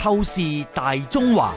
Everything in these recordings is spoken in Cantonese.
透視大中華，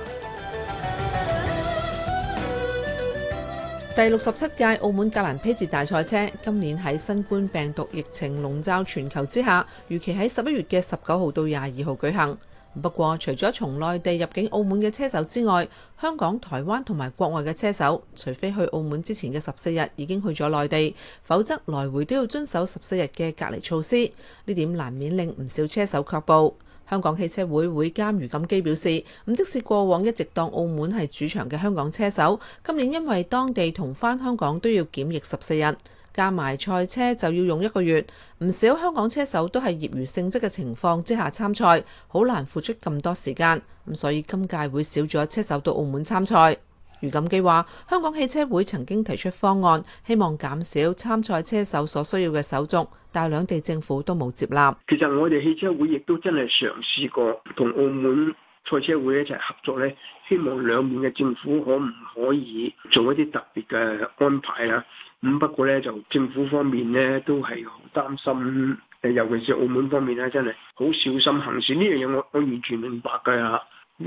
第六十七屆澳門格蘭披治大賽車今年喺新冠病毒疫情籠罩全球之下，預期喺十一月嘅十九號到廿二號舉行。不過，除咗從內地入境澳門嘅車手之外，香港、台灣同埋國外嘅車手，除非去澳門之前嘅十四日已經去咗內地，否則來回都要遵守十四日嘅隔離措施。呢點難免令唔少車手卻步。香港汽車會會監余錦基表示，咁即使過往一直當澳門係主場嘅香港車手，今年因為當地同返香港都要檢疫十四日，加埋賽車就要用一個月，唔少香港車手都係業餘性質嘅情況之下參賽，好難付出咁多時間，咁所以今屆會少咗車手到澳門參賽。余錦基話：香港汽車會曾經提出方案，希望減少參賽車手所需要嘅手續，但係兩地政府都冇接納。其實我哋汽車會亦都真係嘗試過同澳門賽車會一齊合作咧，希望兩面嘅政府可唔可以做一啲特別嘅安排啦。咁不過咧就政府方面咧都係好擔心，尤其是澳門方面咧真係好小心行事呢樣嘢，我我完全明白嘅吓。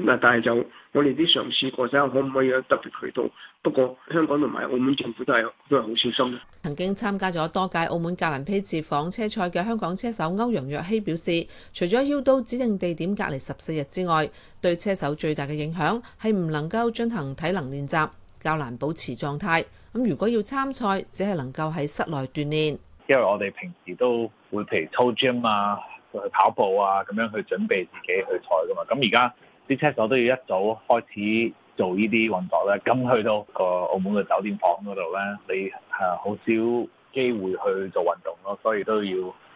嗱，但係就我哋啲嘗試過，睇下可唔可以有特別渠道。不過香港同埋澳門政府都係都係好小心嘅。曾經參加咗多屆澳門格蘭披治房車賽嘅香港車手歐陽若曦表示，除咗要到指定地點隔離十四日之外，對車手最大嘅影響係唔能夠進行體能練習，較難保持狀態。咁如果要參賽，只係能夠喺室內鍛鍊。因為我哋平時都會譬如抽 gym 啊，去跑步啊，咁樣去準備自己去賽噶嘛。咁而家啲車手都要一早開始做呢啲運作咧，咁去到個澳門嘅酒店房嗰度咧，你係好少機會去做運動咯，所以都要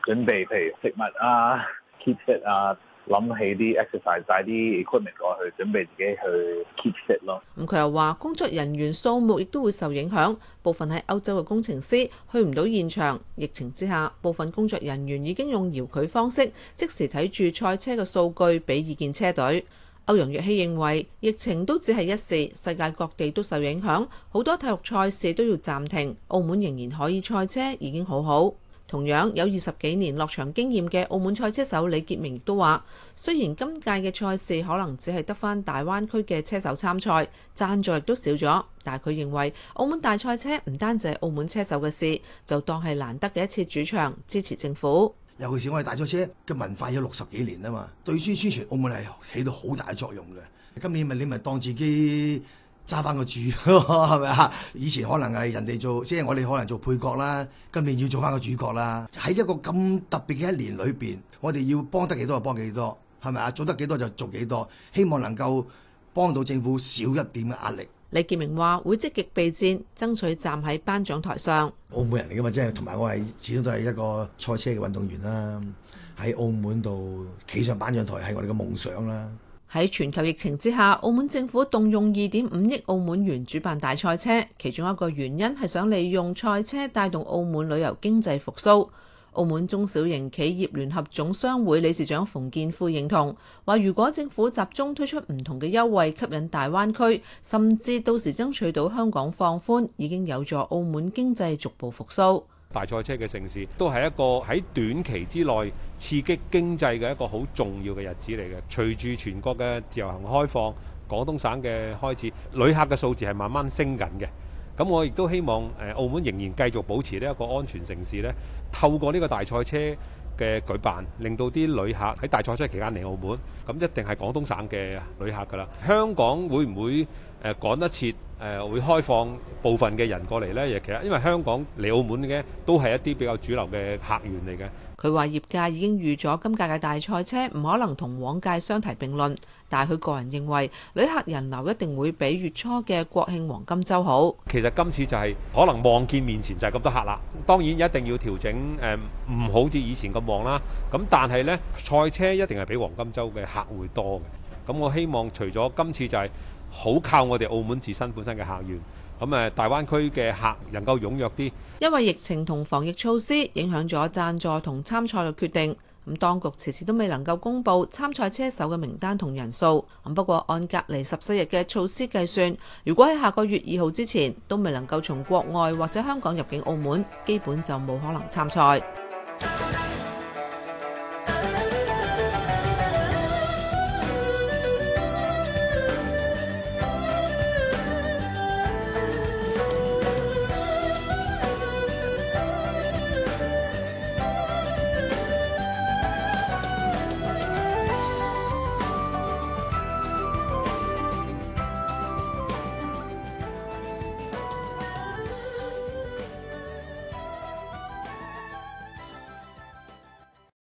準備譬如食物啊、keep fit 啊，諗起啲 exercise 曬啲 equipment 過去準備自己去 keep fit 咯。咁佢又話，工作人員數目亦都會受影響，部分喺歐洲嘅工程師去唔到現場。疫情之下，部分工作人員已經用遙距方式即時睇住賽車嘅數據，俾意見車隊。歐陽若希認為疫情都只係一時，世界各地都受影響，好多體育賽事都要暫停。澳門仍然可以賽車，已經好好。同樣有二十幾年落場經驗嘅澳門賽車手李杰明亦都話：雖然今屆嘅賽事可能只係得返大灣區嘅車手參賽，贊助亦都少咗，但係佢認為澳門大賽車唔單止係澳門車手嘅事，就當係難得嘅一次主場，支持政府。尤其是我哋大賽車嘅文化有六十幾年啊嘛，對宣宣傳澳門係起到好大作用嘅。今年咪你咪當自己揸翻個主咯，係咪啊？以前可能係人哋做，即係我哋可能做配角啦。今年要做翻個主角啦。喺一個咁特別嘅一年裏邊，我哋要幫得幾多就幫幾多，係咪啊？做得幾多就做幾多，希望能夠幫到政府少一點嘅壓力。李建明話：會積極備戰，爭取站喺頒獎台上。澳門人嚟噶嘛，即係同埋我係始終都係一個賽車嘅運動員啦。喺澳門度企上頒獎台係我哋嘅夢想啦。喺全球疫情之下，澳門政府動用二點五億澳門元主辦大賽車，其中一個原因係想利用賽車帶動澳門旅遊經濟復蘇。澳門中小型企業聯合總商會理事長馮建富認同，話如果政府集中推出唔同嘅優惠，吸引大灣區，甚至到時爭取到香港放寬，已經有助澳門經濟逐步復蘇。大賽車嘅城市都係一個喺短期之內刺激經濟嘅一個好重要嘅日子嚟嘅。隨住全國嘅自由行開放，廣東省嘅開始，旅客嘅數字係慢慢升緊嘅。咁我亦都希望，誒、呃，澳門仍然繼續保持呢一個安全城市咧，透過呢個大賽車嘅舉辦，令到啲旅客喺大賽車期間嚟澳門，咁一定係廣東省嘅旅客㗎啦。香港會唔會誒趕得切誒會開放部分嘅人過嚟呢？亦其實因為香港嚟澳門嘅都係一啲比較主流嘅客源嚟嘅。佢話業界已經預咗今屆嘅大賽車唔可能同往屆相提並論，但係佢個人認為旅客人流一定會比月初嘅國慶黃金週好。其實今次就係可能望見面前就係咁多客啦，當然一定要調整誒，唔好似以前咁。望啦，咁但係咧，賽車一定係比黃金週嘅客會多嘅。咁我希望除咗今次就係好靠我哋澳門自身本身嘅客源，咁誒大灣區嘅客能夠踴躍啲。因為疫情同防疫措施影響咗贊助同參賽嘅決定，咁當局遲遲都未能夠公布參賽車手嘅名單同人數。咁不過按隔離十四日嘅措施計算，如果喺下個月二號之前都未能夠從國外或者香港入境澳門，基本就冇可能參賽。